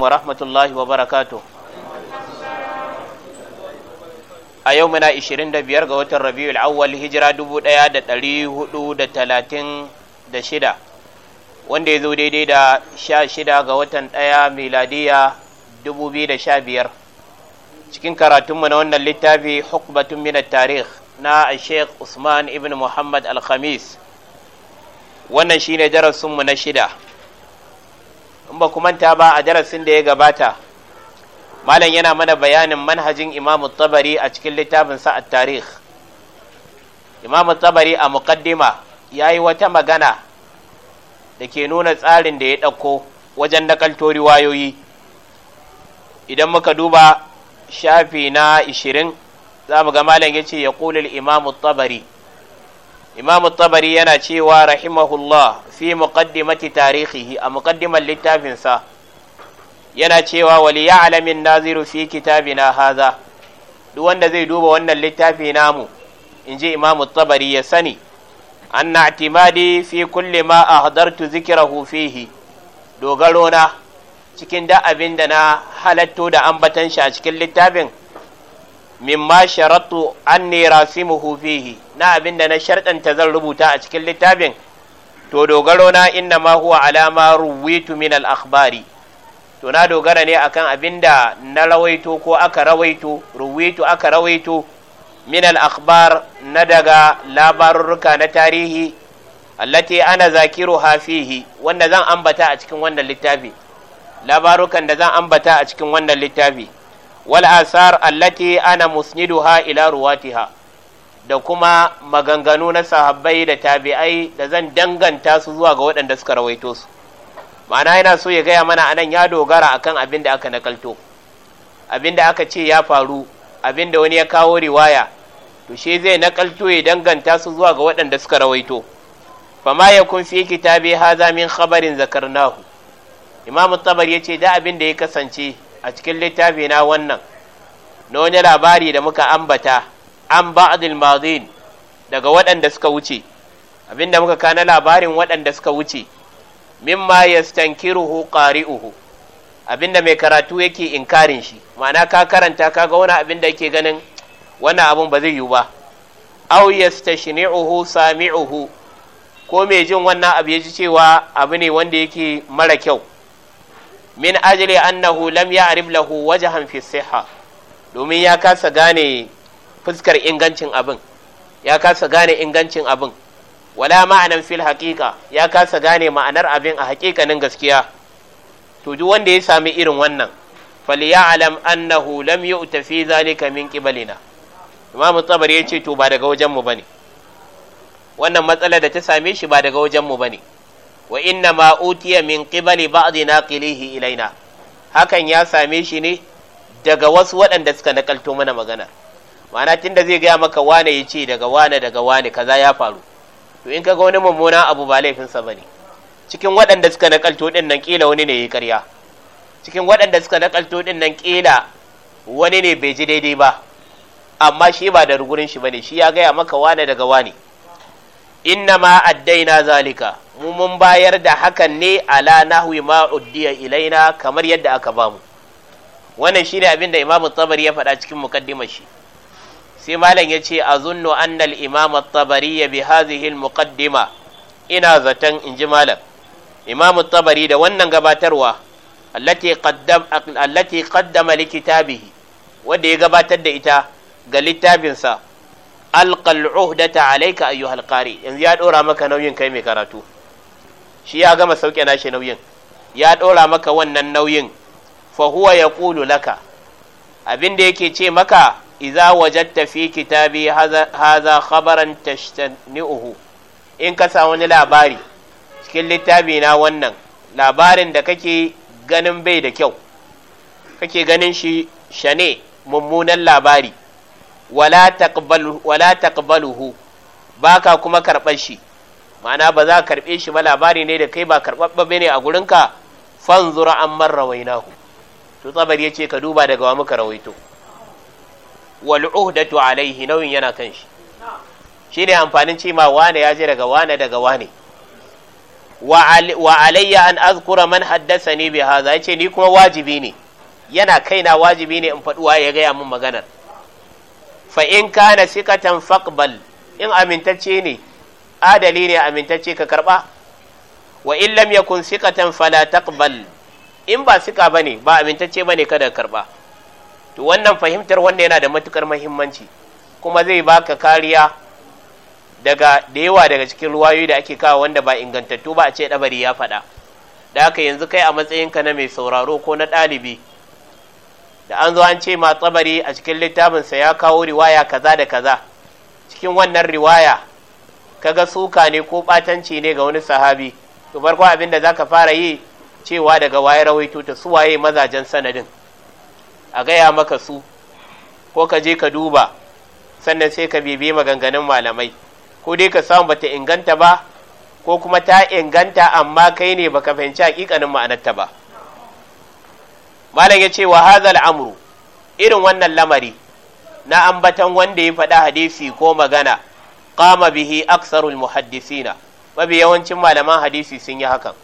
wa rahmatullahi wa barakatu a yau muna 25 ga watan rabiul awwal hijira 1436 wanda ya zo daidai da 16 ga watan 1 miladiya 2015 cikin karatunmu na wannan littafi hukbatun minat tarih na sheikh usman ibn muhammad al-khamis wannan shine darasinmu na shida in ba ku manta ba a darasin da ya gabata malam yana mana bayanin manhajin imamu tabari a cikin littafin sa tarih imamu tabari a muqaddima ya yi wata magana da ke nuna tsarin da ya ɗauko wajen nakalto riwayoyi idan muka duba shafi na 20 za mu ga malam ya ce ya ƙulil imamu tabari imam tabari yana cewa rahimahullah fi muqaddimati tarihihi a muqaddimar littafinsa yana cewa wali alamin naziru fi kitabina haza duk wanda zai duba wannan littafi namu in ji imam tabari ya sani anna i'timadi fi kulli ma hadartu zikrahu fihi dogaro na cikin da abin da na halatto da ambatan shi a cikin littafin mimma sharattu ne rasimuhu fihi na abinda na sharɗanta zan rubuta a cikin littafin to dogaro na inna ma huwa alama ruwitu min al akhbari to na dogara ne a akan abinda na rawaito ko aka rawaito ruwitu aka rawaito min al akhbar na daga labarurruka na tarihi allati ana Zakiru fihi wanda zan ambata a cikin wannan littafi labarukan da zan ambata a cikin wannan littafi wal asar allati ana musniduha ila ruwatiha da kuma maganganu na sahabbai da tabi'ai da zan danganta su zuwa ga waɗanda suka rawaito su ma'ana yana so ya gaya mana anan ya dogara akan abin da aka nakalto abin da aka ce ya faru abin da wani ya kawo riwaya to shi zai nakalto ya danganta su zuwa ga waɗanda suka rawaito ma ya kun fi kitabi haza min khabarin zakarnahu imam tabar ya ce da abin da ya kasance a cikin littafi na wannan na wani labari da muka ambata an ba'dil madin daga waɗanda suka wuce abinda muka kana labarin waɗanda suka wuce mimma yastankiruhu qari'uhu abinda mai karatu yake inkarin shi ma'ana ka karanta ka ga wani abinda yake ganin wannan abin ba zai yiwu ba aw yastashni'uhu sami'uhu ko mai jin wannan abu ya ji cewa abu ne wanda yake mara kyau min ajali annahu lam ya lahu wajhan fi sihha domin ya kasa gane fuskar ingancin abin ya kasa gane ingancin abin wala ma'anan fil haqiqa ya kasa gane ma'anar abin a haƙiƙanin gaskiya to duk wanda ya sami irin wannan falyalam annahu lam yu'ta fi zalika min qibalina imamu tabari ya ce to ba daga wajen mu bane wannan matsalar da ta same shi ba daga wajen mu bane wa inna ma utiya min qibali ba'dhi naqilihi ilaina hakan ya same shi ne daga wasu waɗanda suka nakalto mana magana ma'ana tunda zai gaya maka wane ya ce daga wane daga wane kaza ya faru to in kaga wani mummuna abu ba laifinsa bane cikin waɗanda suka nakalto din nan kila wani ne ya karya cikin waɗanda suka nakalto din nan kila wani ne bai ji daidai ba amma shi ba da rugurin shi bane shi ya gaya maka wane daga wane inna ma addaina zalika mu mun bayar da hakan ne ala nahwi ma uddiya ilaina kamar yadda aka bamu wannan shine abin da imamu tabari ya faɗa cikin muqaddimar shi sai malam ya ce azunnu anna al-imam at-tabari bi hadhihi al-muqaddima ina zaton inji malam imamu tabari da wannan gabatarwa allati qaddam allati qaddama li kitabihi wanda ya gabatar da ita ga littafinsa alqal uhdata alayka ayyuhal qari yanzu ya dora maka nauyin kai mai karatu shi ya gama sauke nashi nauyin ya ɗora maka wannan nauyin fa huwa yaqulu laka abin da yake ce maka iza wajadta fi kitabi haza khabaran tashtani'uhu in ka sa wani labari cikin littafi na wannan labarin da kake ganin bai da kyau kake ganin shi shane mummunan labari wala taqbaluhu baka kuma karɓar shi ma'ana ba za ka karɓe shi ba labari ne da kai ba karɓaɓɓe ne a gurinka fanzura an marra wainahu to tsabar ya ce ka duba daga wa muka rawaito wal uhdatu alaihi nauyin yana kan shi Shi ne amfanin ce ma wane ya je daga wane daga wane wa alayya an azkura man haddasani bi ya yace ni kuma wajibi ne yana kaina wajibi ne in faduwa ya gaya min maganar fa in kana sikatan faqbal in amintacce ne adali ne amintacce ka karba wa in lam yakun siqatan fala taqbal in ba sika bane ba amintacce bane kada karba to wannan fahimtar wanda yana da matukar muhimmanci kuma zai baka kariya daga da yawa daga cikin ruwayoyi da ake kawo wanda ba ingantattu ba a ce dabari ya faɗa da haka yanzu kai a matsayinka na mai sauraro ko na ɗalibi da an zo an ce ma tsabari a cikin littafinsa ya kawo riwaya kaza da kaza cikin wannan riwaya kaga suka ne ko batanci ne ga wani sahabi to farko abin da zaka fara yi cewa daga waye rawaito ta su waye mazajen sanadin a gaya maka su ko ka je ka duba sannan sai ka bibi maganganun malamai ko dai ka samu bata inganta ba ko kuma ta inganta amma kai ne baka fahimci hakikanin ma'anarta ba malam ya ce wa hazal amru irin wannan lamari na ambatan wanda ya faɗa hadisi ko magana qama bihi aksarul muhaddisina mabi yawancin malaman hadisi sun yi hakan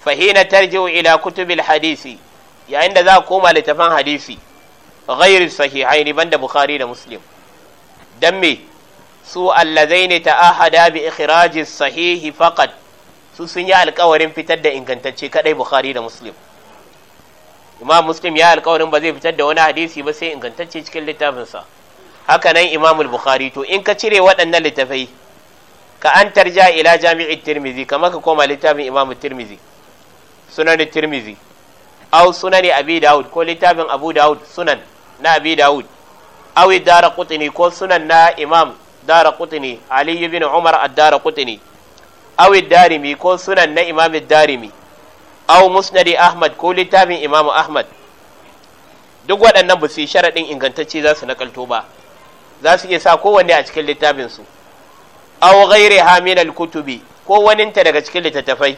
fahina tarji'u ila kutubil hadisi yayin da za ku koma littafan hadisi ghairu sahihain banda bukhari da muslim dan me su allazaini ta'ahada bi ikhraji sahihi faqat su sun yi alƙawarin fitar da ingantacce kadai bukhari da muslim imam muslim ya alƙawarin ba zai fitar da wani hadisi ba sai ingantacce cikin littafinsa haka nan imamul bukhari to in ka cire waɗannan littafai ka an tarja ila jami'in tirmizi kamar ka koma littafin imamu tirmizi sunan tirmizi au sunani abi daud ko littafin abu daud sunan na abi daud dara kutini ko sunan na imam dara kutini ali ibn umar ad-dara kutini awi darimi ko sunan na imam darimi au musnadi ahmad ko littafin imamu ahmad duk waɗannan ba su yi sharaɗin ingantacce za su nakalto ba za su iya sa kowanne a cikin littafin su aw min al-kutubi ko waninta daga cikin littattafai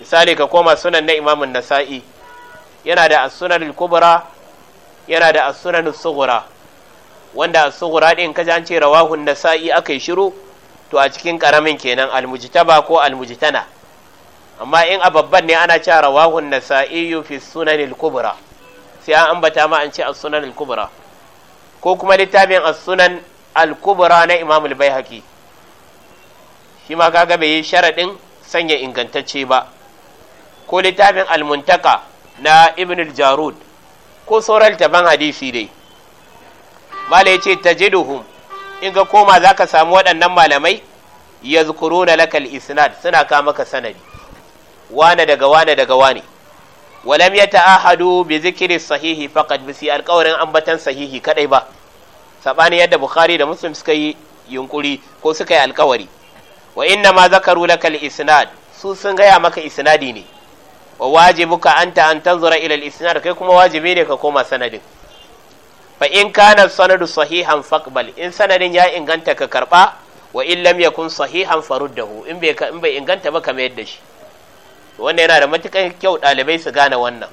misali ka koma sunan na imamun nasa'i yana da as-sunan al-kubra yana da as-sunan as-sughra wanda as-sughra din ka an ce rawahu nasa'i akai shiru to a cikin karamin kenan al-mujtaba ko al-mujtana amma in a babban ne ana cewa rawahu nasa'i fi sunan al-kubra sai an ambata ma an ce as-sunan al-kubra ko kuma littafin as-sunan al-kubra na Imam al-Baihaqi shi ma kaga bai yi sharadin sanya ingantacce ba ko littafin al-muntaka na Ibn al-Jarud ko sauran taban hadisi dai mala yace tajiduhum in ga koma zaka samu waɗannan malamai yazkuruna lakal isnad suna ka maka sanadi wane daga wane daga wane walam ya ta'ahadu bi zikiri sahihi faqad bi si alƙawarin ambatan sahihi kadai ba sabani yadda bukhari da muslim suka yi yunkuri ko suka yi alƙawari wa inna ma zakaru laka isnad su sun gaya maka isnadi ne wa wajibuka anta an tanzura ila al-isnad kai kuma wajibi ne ka koma sanadin fa in kana sanadu sahihan faqbal in sanadin ya inganta ka karɓa wa in lam yakun sahihan faruddahu dahu in bai inganta ba ka mayar da shi wanda yana da matukan kyau dalibai su gane wannan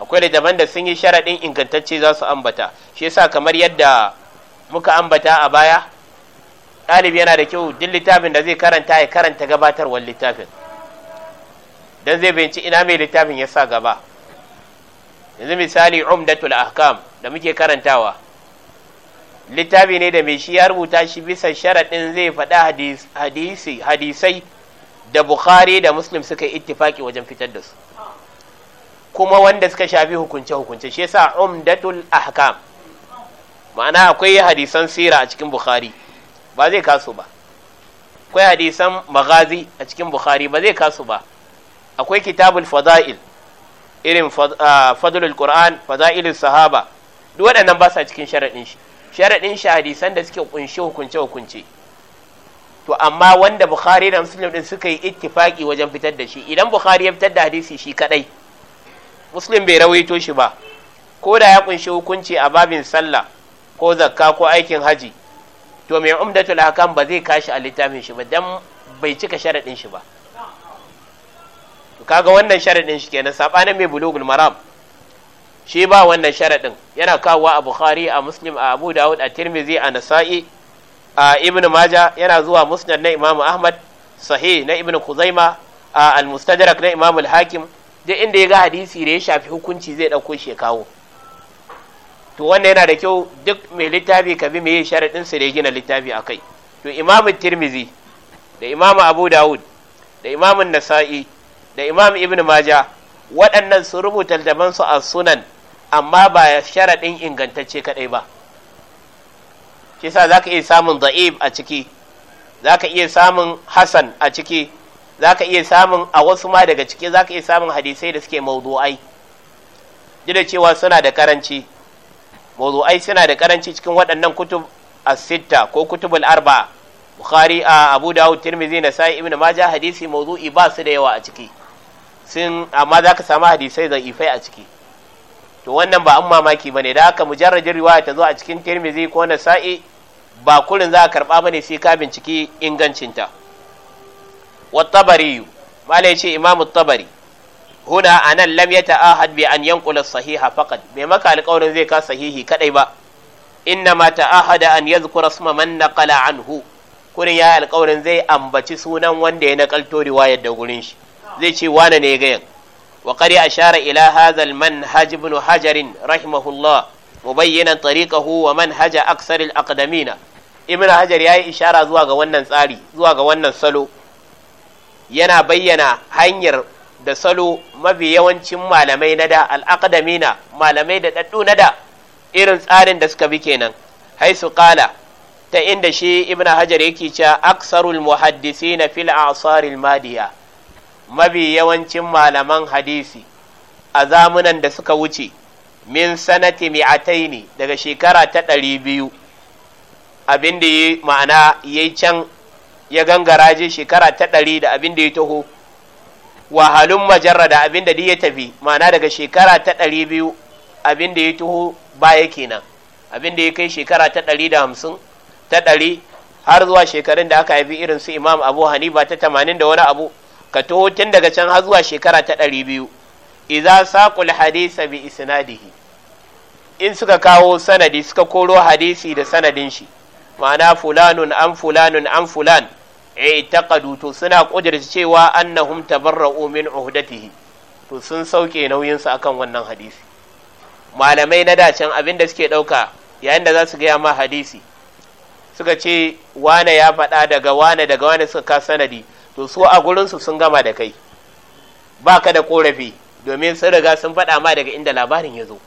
akwai daban da sun yi sharaɗin ingantacce za su ambata shi yasa kamar yadda muka ambata a baya ɗalibi yana da kyau duk littafin da zai karanta ya karanta gabatarwar littafin don zai binci ina mai littafin ya sa gaba yanzu misali umdatul ahkam da muke karantawa littafi ne da mai shi ya rubuta shi bisa sharaɗin zai faɗa hadisai da bukhari da muslim suka yi ittifaki wajen fitar da su kuma wanda suka shafi hukunce hukunce shi yasa umdatul ahkam ma'ana akwai hadisan sira a cikin bukhari ba zai kasu ba akwai hadisan magazi a cikin bukhari ba zai kasu ba akwai kitabul fada'il irin ah, fadlul qur'an fada'ilus sahaba duk waɗannan ba su a cikin sharaɗin shi sharaɗin shi hadisan da suke kunshi hukunce hukunce to amma wanda bukhari da muslim din suka yi ittifaki wajen fitar da shi idan bukhari ya fitar da hadisi shi kadai muslim bai rawaito shi ba ko da ya kunshi hukunci a babin sallah ko zakka ko aikin haji to mai umdatul hakam ba zai kashi a littafin shi ba dan bai cika sharadin shi ba to kaga wannan sharadin shi kenan sabana mai bulugul maram shi ba wannan sharadin yana kawo a bukhari a muslim a abu dawud a tirmizi a nasa'i A ibn maja yana zuwa musnad na imamu ahmad sahi na ibn kuzaima al-mustadrak na imamu al-hakim duk inda ya ga hadisi da ya shafi hukunci zai ɗauko shi kawo to wanda yana da kyau duk mai littafi ka bi mai sharaɗin su da gina littafi a kai to imamu tirmizi da imamu abu dawud da imamu nasa'i da imamu ibn maja waɗannan su rubuta su a sunan amma ba sharaɗin ingantacce kaɗai ba shi za ka iya samun da'ib a ciki za ka iya samun Hassan a ciki za ka iya samun a wasu ma daga ciki za ka iya samun hadisai da suke mawdu'ai da cewa suna da karanci mawdu'ai suna da karanci cikin waɗannan kutub a sitta ko kutubul arba'a bukhari a abu dawud tirmizi na sai ibn maja hadisi mawdu'i ba su da yawa a ciki sun amma ka samu hadisai da ifai a ciki to wannan ba an mamaki ba ne, da haka mujarrajin riwaya ta zo a cikin tirmizi ko na sa'i ba kurin za a karba ne sai ka binciki ingancinta wa tabari malai ce imamu tabari huna anan lam ta'ahad bi an yanqula sahiha faqat bai maka alƙawarin zai ka sahihi kadai ba innama ta'ahada an yadhkura isma man naqala anhu kurin ya alƙawarin zai ambaci sunan wanda ya nakalto riwayar da gurin shi zai ce wane ne ya gayan وقد أشار إلى هذا المنهج ابن حجر رحمه الله مبينا طريقه ومنهج أكثر الأقدمين ابن حجر يأي إشارة زواغ ونن ساري زواغ ونن سلو ينا بينا هنير da salo mafi yawancin malamai na da al'akadamina malamai da ɗaɗɗu na da irin tsarin da suka bi kenan haisu ƙala ta inda shi ibn hajar yake cewa aksarul muhaddisi na fil asaril madiya mabi yawancin malaman hadisi a zamunan da suka wuce min sanati mi'atai ne daga shekara ta ɗari biyu abin da ya ma'ana ya yi can ya gangara je shekara ta ɗari da abin da ya taho halun majarra da abin da ya tafi ma'ana daga shekara ta ɗari biyu abin da ya taho baya kenan abin da ya kai shekara ta ɗari da hamsin ta ɗari har zuwa shekarun da aka haifi irin su imam abu hanifa ta tamanin da wani abu ka taho tun daga can har zuwa shekara ta ɗari biyu Iza saqul hadisa bi isnadihi in suka kawo sanadi suka koro hadisi da sanadin shi ma'ana fulanun an fulanun an fulan i'taqadu to suna kudirce cewa annahum tabarra'u min uhdatihi to sun sauke nauyin su akan wannan hadisi malamai na dacen abinda suke dauka yayin da za su ga ma hadisi suka ce wane ya faɗa daga wane daga wane suka ka sanadi to su a gurinsu sun gama da kai ba ka da korafi domin sun riga sun faɗa ma daga inda labarin ya zo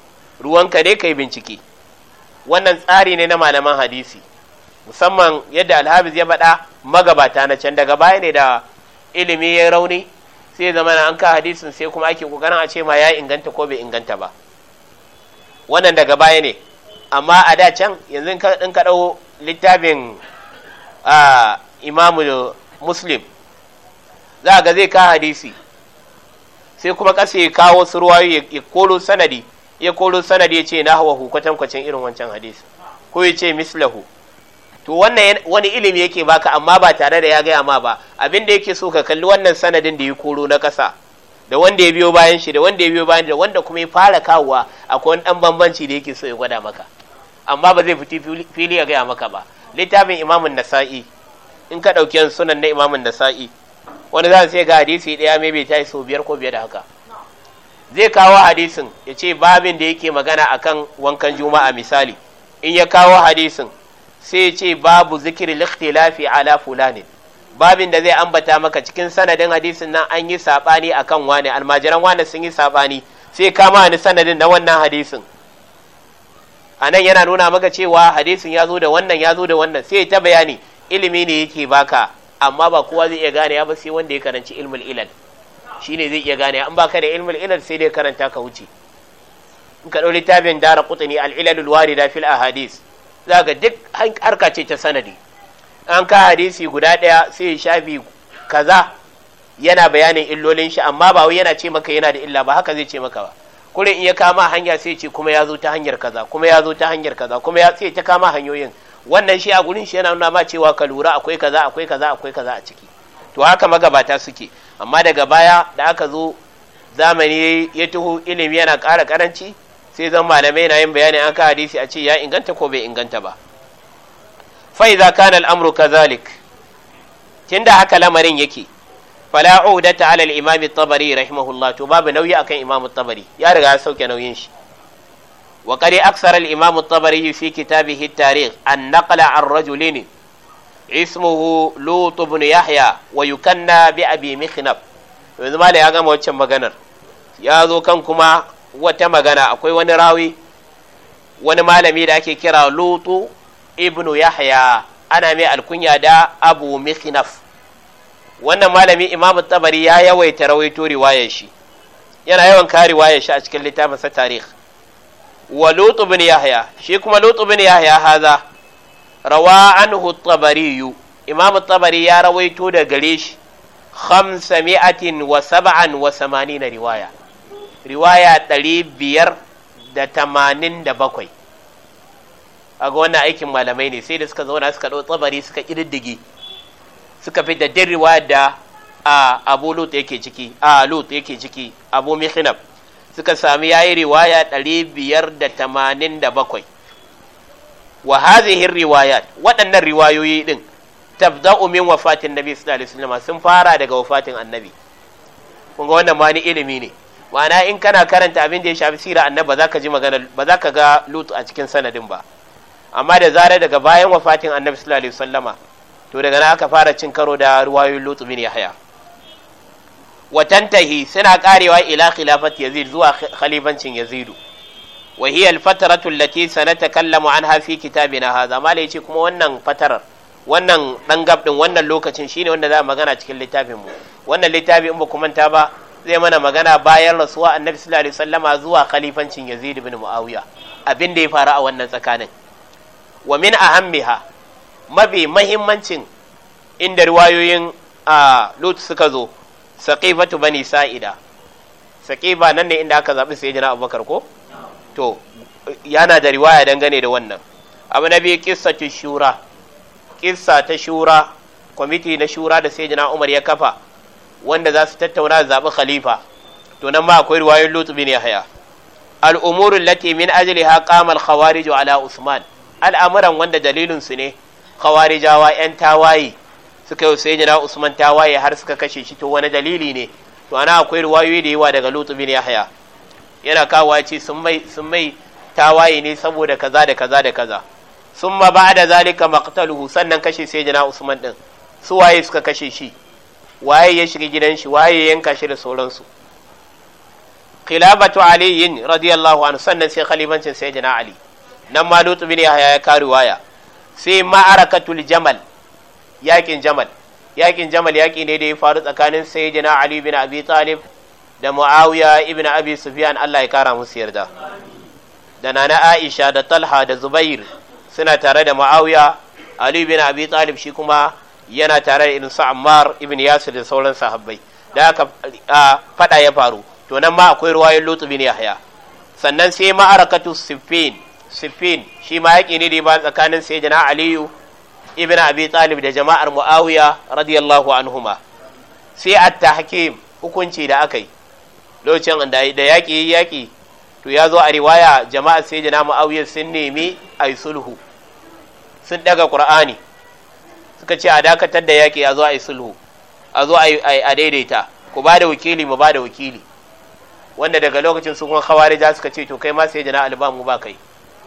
ruwanka ka kai bincike wannan tsari ne na malaman hadisi musamman yadda Alhabis ya faɗa magabata na can daga baya ne da ilimi ya rauni sai zama an ka hadisin sai kuma ake kokarin a ce ma ya inganta ko bai inganta ba wannan daga baya ne amma a da can yanzu in ka ɗau littafin ah, imamu muslim za ga zai ka hadisi sai kuma kasa ya kawo su ruwa ya kolo sanadi ya kolo sanadi ya ce na hawa hukwatan kwacin irin wancan hadisi ko ya ce mislahu to wannan wani ilimi yake baka amma ba tare da ya gaya ma ba abin da yake so ka kalli wannan sanadin da ya koro na kasa da wanda ya biyo bayan shi da wanda ya biyo bayan da wanda kuma ya fara kawowa akwai wani dan bambanci da yake so ya gwada maka amma ba zai fiti fili ya gaya maka ba littafin imamun nasa'i in ka ɗauki sunan na imamun nasa'i wani za sai ga hadisi ɗaya mai bai tashi sau biyar ko biyar da haka zai kawo hadisin ya ce babin da yake magana akan wankan juma'a misali in ya kawo hadisin sai ya ce babu zikirin likhtilafi ala fulani babin da zai ambata maka cikin sanadin hadisin nan an yi saɓani akan wani almajiran wani sun yi saɓani sai kama ni sanadin na wannan hadisin a nan yana nuna maka cewa hadisin ya zo da wannan ya zo da wannan sai ta bayani ilimi ne yake baka amma ba kowa zai iya gane ba sai wanda ya karanci ilmul ilal shine zai iya gane an baka da ilmul ilal sai dai karanta ka wuce in ka ɗau littafin dara ilal al'ilalul warida fil ahadith zaka duk harka ce ta sanadi an ka hadisi guda ɗaya sai shafi kaza yana bayanin illolin shi amma ba wai yana ce maka yana da illa ba haka zai ce maka ba kullum in ya kama hanya sai ce kuma ya zo ta hanyar kaza kuma ya zo ta hanyar kaza kuma ya sai ta kama hanyoyin wannan shi a gurin shi yana nuna ma cewa ka lura akwai kaza akwai kaza akwai kaza a ciki to haka magabata suke amma daga baya da aka zo zamani ya tuhu ilimi yana ƙara karanci sai zan malamai na yin bayani an ka hadisi a ce ya inganta ko bai inganta ba fa idza kana al-amru kadhalik tunda haka lamarin yake fala'u da ta'ala al-imam at-tabari rahimahullah to babu nauyi akan imam at-tabari ya riga ya sauke nauyin shi وقد أكثر الإمام الطبري في كتابه التاريخ النقل عن رجل اسمه لوط بن يحيى ويكنى بأبي مخنب yanzu ma da ya gama waccan maganar ya zo kan kuma wata magana akwai wani rawi wani malami da ake kira lutu yahya ana mai alkunya da abu mikhnaf wannan malami imam tabari ya yawaita rawaito riwayar shi yana yawan kare riwayar shi a cikin littafin sa tarihi wa lutu bin yahya shi kuma lutu bin yahya haza rawa anhu tabariyu imam tabari ya rawaito da gare shi khamsa mi'atin wa saba'an wa samanina riwaya riwaya ɗari biyar da tamanin da bakwai a ga wannan aikin malamai ne sai da suka zauna suka ɗau tsabari suka ƙididdige suka fi da riwaya da a abu lut yake ciki a lut yake ciki abu mihinab suka sami yayi riwaya 587 wa hadhihi riwaya, waɗannan riwayoyi din tabda'u min wafatin nabi sallallahu alaihi wasallam sun fara daga wafatin annabi kun ga wannan ma ni ilimi ne ma'ana in kana karanta abin da ya shafi sira annabi ba za ka ga lutu a cikin sanadin ba amma da zarar daga bayan wafatin annabi sallallahu alaihi wasallama to daga nan aka fara cin karo da ruwayoyin lutu bin yahya wa tantahi suna karewa ila khilafat yazid zuwa khalifancin yazidu wa hiya alfataratu allati sanatakallamu anha fi kitabina hadha malai yace kuma wannan fatarar wannan dan gab din wannan lokacin shine wanda za magana cikin littafin mu wannan littafi ba ku manta ba zai mana magana bayan rasuwa annabi sallallahu alaihi wasallama zuwa khalifancin yazid ibn muawiya abin da ya faru a wannan tsakanin wa min ahammiha mabi mahimmancin inda riwayoyin a ah, lut suka zo saqifatu bani sa'ida saqifa nan ne inda aka zabi sayyidina abubakar ko to yana da riwaya dangane da wannan abu na biyu kissatu shura kissa ta shura kwamiti na shura da sayyidina umar ya kafa wanda za su tattauna zabi khalifa to nan ma akwai riwayoyin lutu bin yahya al umur allati min ajliha qama al-khawarij ala usman al'amuran wanda dalilin su ne khawarijawa 'yan tawaye suka yi sai jina usman waye har suka kashe shi to wani dalili ne to ana akwai ruwayoyi da yawa daga lutu bin yahya yana kawo ya ce sun mai sun mai tawaye ne saboda kaza da kaza da kaza sun ma ba da zalika maqtaluhu sannan kashe sai jina usman din su waye suka kashe shi waye ya shiga gidan shi waye ya yanka shi da sauransu khilafatu aliyin radiyallahu anhu sannan sai khalifancin sai jina ali nan ma lutu bin yahya ya kawo riwaya sai ma'arakatul jamal yakin jamal yakin jamal yaki ne da ya faru tsakanin sayyidina ali bin abi talib da muawiya ibn abi sufyan Allah ya kara musu yarda da nana aisha da talha da zubair suna tare da muawiya ali bin abi talib shi kuma yana tare da irin su ibn yasir da sauran sahabbai da aka fada ya faru to nan ma akwai ruwayoyin lutu bin yahya sannan sai ma'arakatu siffin siffin shi ma yaƙi ne da ba tsakanin sayyidina aliyu ibn abi talib da jama'ar muawiya radiyallahu anhuma sai at-tahkim hukunci da aka yi lokacin da yaƙi yaƙi to ya zo a riwaya jama'a sai jana muawiya sun nemi ai sulhu sun daga qur'ani suka ce a dakatar da yaki a zo ai sulhu a zo a daidaita ku ba da wakili mu ba wakili wanda daga lokacin sun kawarija suka ce to kai ma sai jana alba mu ba kai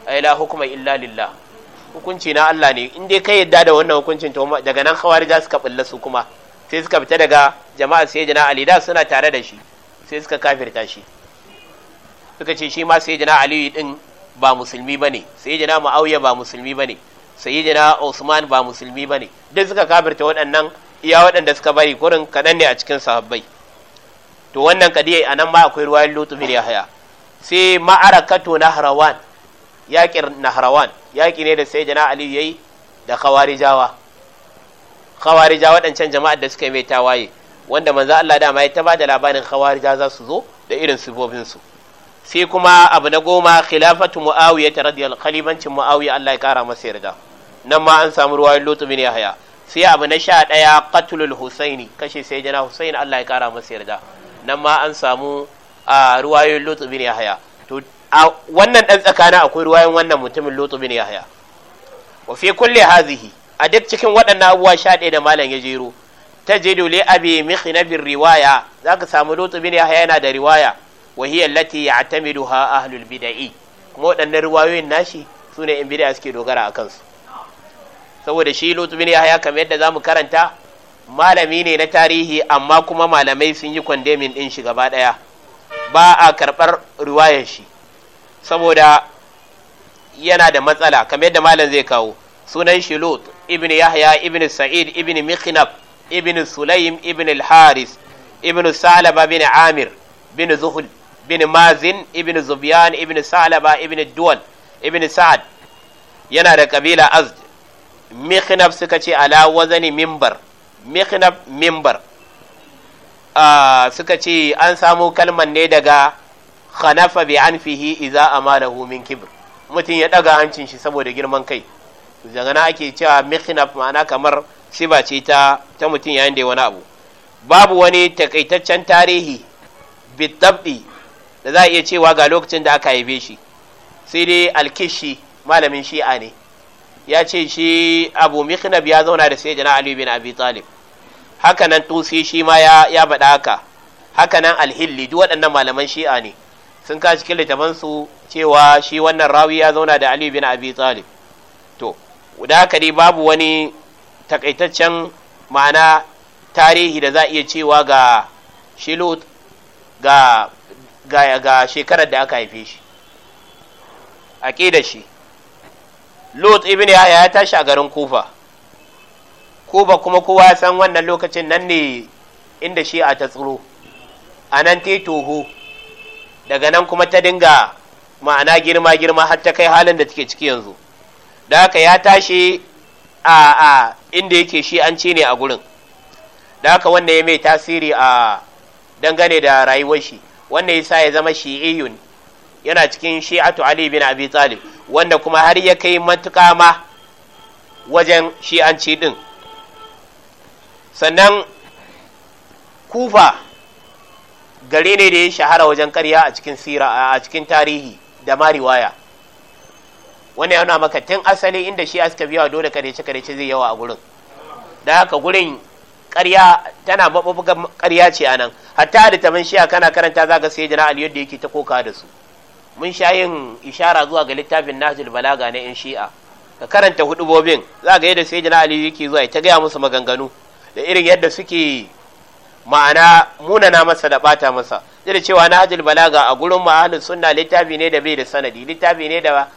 ai la hukuma illa lillah hukunci na Allah ne in dai kai yadda da wannan hukuncin to daga nan khawarija suka bulla su kuma sai suka fita daga jama'a sai jina Ali da suna tare da shi sai suka kafirta shi suka ce shi ma sai jina Ali din ba musulmi bane sai jina Muawiya ba musulmi bane sai jina Usman ba musulmi bane duk suka kafirta waɗannan iya waɗanda suka bari gurin kaɗan ne a cikin sahabbai to wannan kadiyai anan ma akwai ruwayan lutu bin yahya sai ma'arakatu harawan. yaƙin nahrawan yaƙi ne da sai jana ali yayi da khawarijawa khawarijawa waɗancan jama'ar da suka yi mai tawaye wanda manzo Allah dama ya ta bada labarin khawarija za su zo da irin sifofin su sai kuma abu na goma khilafatu muawiya ta radiyal khalifancin muawiya Allah ya kara masa yarda nan ma an samu ruwayoyin lutu bin yahya sai abu na sha ɗaya qatlul husaini kashe sai jana husain Allah ya kara masa yarda nan ma an samu a ruwayoyin lutu bin yahya a wannan ɗan tsakanin akwai ruwayan wannan mutumin lutu bin yahya wa fi kulli hadhihi a duk cikin waɗannan abuwa sha ɗaya da malam ya jero ta jidu li abi mikhna bin riwaya zaka samu lutu bin yahya yana da riwaya wa hiya allati ya'tamiduha ahlul bida'i kuma waɗannan riwayoyin nashi su ne in bid'a suke dogara a kansu saboda shi lutu bin yahya kamar yadda zamu karanta malami ne na tarihi amma kuma malamai sun yi kwandemin ɗin shi gaba ɗaya ba a karɓar riwayar shi saboda yana da matsala kamar yadda malam zai kawo sunan shilut ibn yahya ibn sa'id ibn mikhnaf ibn sulaym ibn al-haris ibn salaba bin amir bin zuhul bin mazin ibn zubyan ibn salaba ibn duwal ibn sa'ad yana da kabila azd mikhnaf suka ce ala wazani mimbar mikhnaf mimbar ah, suka ce an samu kalman ne daga khanafa bi anfihi idza amalahu min kibir. mutum ya daga hancin shi saboda girman kai Zanga na ake cewa mikhnaf ma'ana kamar siba ce ta ta mutum yayin da wani abu babu wani takaitaccen tarihi bitabdi da za a iya cewa ga lokacin da aka haife shi sai dai alkishi malamin shi'a ne ya ce shi abu mikhnaf ya zauna da sayyidina ali bin abi talib haka nan tusi shi ma ya ya haka haka nan alhilli duk waɗannan malaman shi'a ne sun ka cikin littafansu cewa shi wannan rawi ya zauna da Ali bin Abi Talib to da haka dai babu wani takaitaccen ma'ana tarihi da za iya cewa ga Shilut ga ga ga shekarar da aka haife shi aqida shi Lot ibn Yahya ya tashi a garin Kufa Kufa kuma kowa ya san wannan lokacin nan ne inda shi a ta tsoro, a nan te toho daga nan kuma ta dinga ma'ana girma girma har ta kai halin da take ciki yanzu da haka ya tashi a a inda yake shi an ce ne a gurin da haka wannan ya mai tasiri a dangane da rayuwar shi wannan yasa ya zama shi'iyun yana cikin shi'atu ali bin abi talib wanda kuma har ya kai matuƙa ma wajen shi'anci din sannan kufa gare ne da ya shahara wajen karya a cikin sira a cikin tarihi da ma riwaya Wani yana maka tun asali inda shi aska biya dole dace-ka dace zai yawa a gurin da haka gurin karya tana mabubugan karya ce anan hatta da taman shiya kana karanta zaka sai jira ali yadda yake ta koka da su mun sha yin ishara zuwa ga littafin nahjul balaga na yan shi'a ka karanta hudubobin zaka yadda sai jira ali yake zuwa ta gaya musu maganganu da irin yadda suke ma'ana munana masa da bata masa zai cewa na hajjul balaga a gurin ma'ahalin sunna littafi ne da bai da sanadi littafi ne da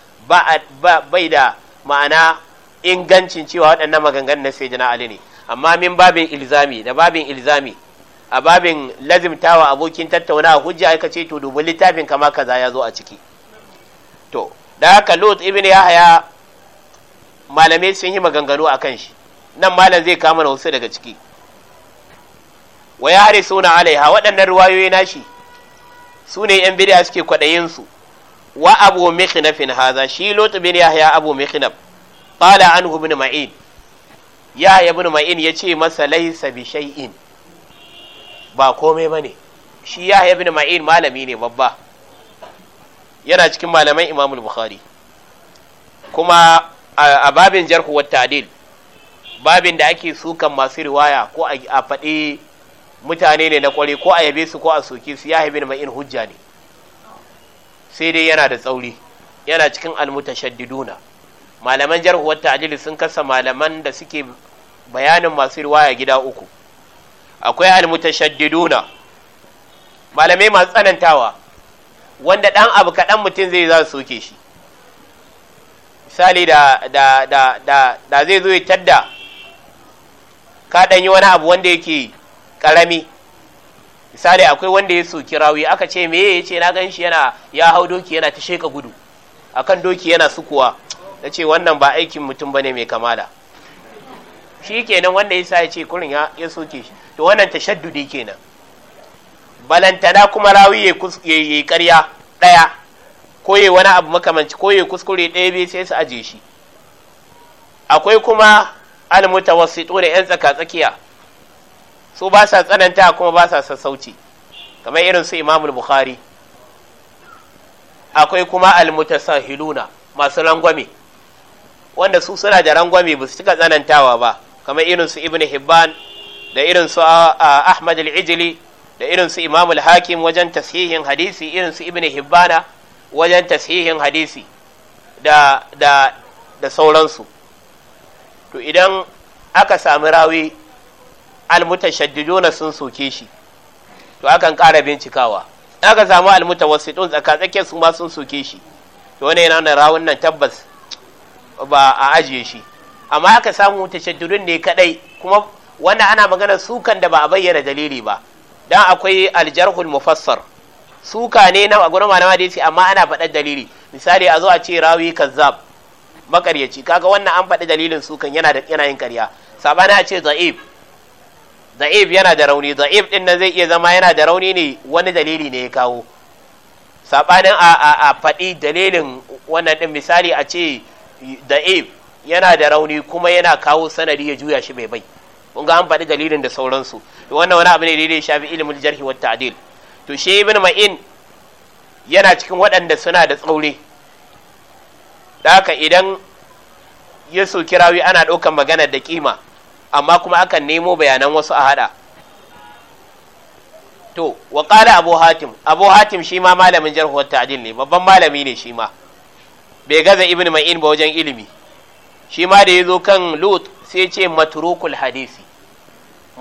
bai da ma'ana ingancin cewa waɗannan maganganun na sai ali ne amma min babin ilzami da babin ilzami a babin lazimtawa abokin tattauna hujja aika ce to dubu littafin kama kaza ya zo a ciki to da haka lot ibn yahaya malamai sun yi maganganu a kan shi nan malam zai kama na wasu daga ciki wa ya hare suna alaiha waɗannan ruwayoyi nashi su ne yan bidiya suke kwaɗayin su wa abu mikhnafin haza shi lotu bin yahya abu mikhnaf qala anhu ibn ma'in yahya ibn ma'in yace masa laisa bi shay'in ba komai bane shi yahya ibn ma'in malami ne babba yana cikin malaman imamul bukhari kuma a babin jarhu wa ta'dil babin da ake sukan masu riwaya ko a faɗi mutane ne na kware ko a yabe su ko a soke su ya haibe mai in hujja ne sai dai yana da tsauri yana cikin almutashaddiduna malaman jarhuwar ta'dil sun kasa malaman da suke bayanin masu riwaya gida uku akwai almutashaddiduna malamai masu tsanantawa wanda dan abu kaɗan mutum zai za su soke shi misali da zai zo ya tadda ka ɗanyi wani abu wanda yake karami misali akwai wanda ya soki rawi aka ce me ya ce na gan shi yana ya hau doki yana ta sheka gudu akan doki yana sukuwa na ce wannan ba aikin mutum bane mai kamala shi kenan wanda ya sa ya ce kurin ya soke shi to wannan ta shaddudi kenan balantana kuma rawi ya yi karya ɗaya ko ya wani abu makamanci ko ya kuskure daya bai sai su aje shi akwai kuma almutawassitu da 'yan tsaka-tsakiya su ba sa tsananta kuma ba sa sassauci kamar irin su imamul bukhari akwai kuma almutasahiluna masu rangwame wanda su suna da rangwame ba su cika tsanantawa ba kamar irin su ibn hibban da irin su ahmad al-ijli da irin su imamul hakim wajen tasihin hadisi irin su ibn hibbana wajen tasihin hadisi da da da sauransu to idan aka sami rawi almutashaddiduna sun soke shi to akan ƙara bincikawa aka samu almutawassitun tsakatsakiyar su ma sun soke shi to wannan yana nan rawun nan tabbas ba a ajiye shi amma aka samu tashaddudun ne kadai kuma wannan ana magana sukan da ba a bayyana dalili ba dan akwai aljarhul mufassar suka ne na a gurin malama da amma ana faɗar dalili misali a zo a ce rawi kazzab makaryaci kaga wannan an faɗi dalilin sukan yana da yana yin karya. sabana a ce za'ib da'if yana da rauni da'if din nan zai iya zama yana da rauni ne wani dalili ne ya kawo sabanin a a faɗi dalilin wannan din misali a ce da'if yana da rauni kuma yana kawo sanadi ya juya shi bai bai kun ga an faɗi dalilin da sauransu wannan wani abu ne daidai shafi ilimin jarhi wa ta'dil to shi ibn ma'in yana cikin waɗanda suna da tsaure da haka idan ya kirawi ana ɗaukar maganar da kima amma kuma akan nemo bayanan wasu a hada to wa qala abu hatim abu hatim shi ma malamin jarhuwar wa ne babban malami ne shi ma bai gaza ibnu ma'in ba wajen ilimi shi ma da zo kan lut sai ce matrukul hadisi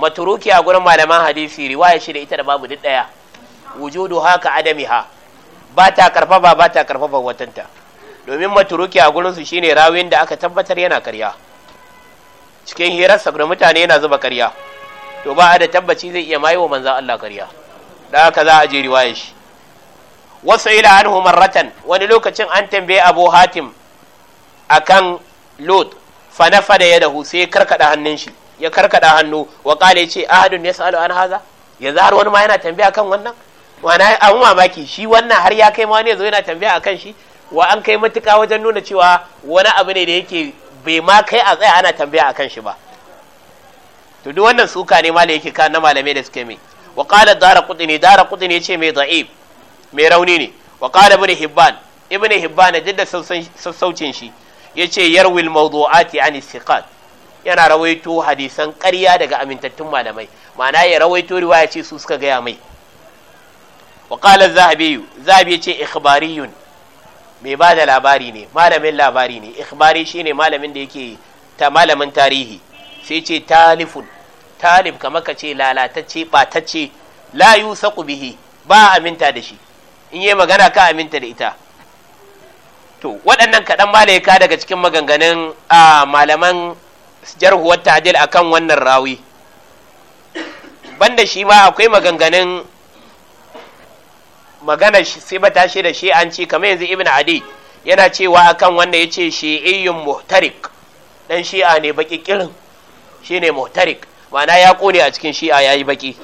matruki a gurin malaman hadisi riwaya shi da ita da babu duk daya wujudu haka adamiha ba ta karfa ba ta ba watanta domin maturuki a gurinsu shine rawin da aka tabbatar yana karya cikin hirarsa da mutane yana zuba ƙarya to ba a da tabbaci zai iya mayewa manzan Allah ƙarya da haka za a je riwaya shi wasu ila an humarratan wani lokacin an tambaye abu hatim akan lot fanafa da yadahu sai ya karkada hannun shi ya karkada hannu wa kale ce ahadun ya sa'alu an haza yanzu har wani ma yana tambaya kan wannan Wani abu mamaki shi wannan har ya kai ma wani yazo yana tambaya akan shi wa an kai matuka wajen nuna cewa wani abu ne da yake bai ma kai a tsaya ana tambaya akan shi ba to duk wannan suka ne malai yake kan na malamai da suke mai wa qala dara qutni dara qutni yace mai da'if mai rauni ne wa qala ibn hibban ibn hibban da sassaucin shi yace yarwil mawdu'ati an istiqat yana rawaito hadisan ƙarya daga amintattun malamai ma'ana ya rawaito riwaya ce su suka gaya mai wa qala zahabi zahabi yace ikhbariyun mai ba da labari ne malamin labari ne ikhbari shine malamin da yake ta malamin tarihi sai ce talifun talib kamar ka ce lalatacce batacce la yusaqu bihi ba aminta da shi in yi magana ka aminta da ita to waɗannan kaɗan malayka daga cikin maganganun a malaman jarhuwar tadil akan wannan rawi banda shi ma akwai maganganun magana sifata shi da shi'anci kamar yanzu ibn adi yana cewa akan wanda ya ce shi'iyyun muhtarik dan shi'a ne baki kirin shi ne muhtarik ma'ana ya kone a cikin shi'a ya yi baki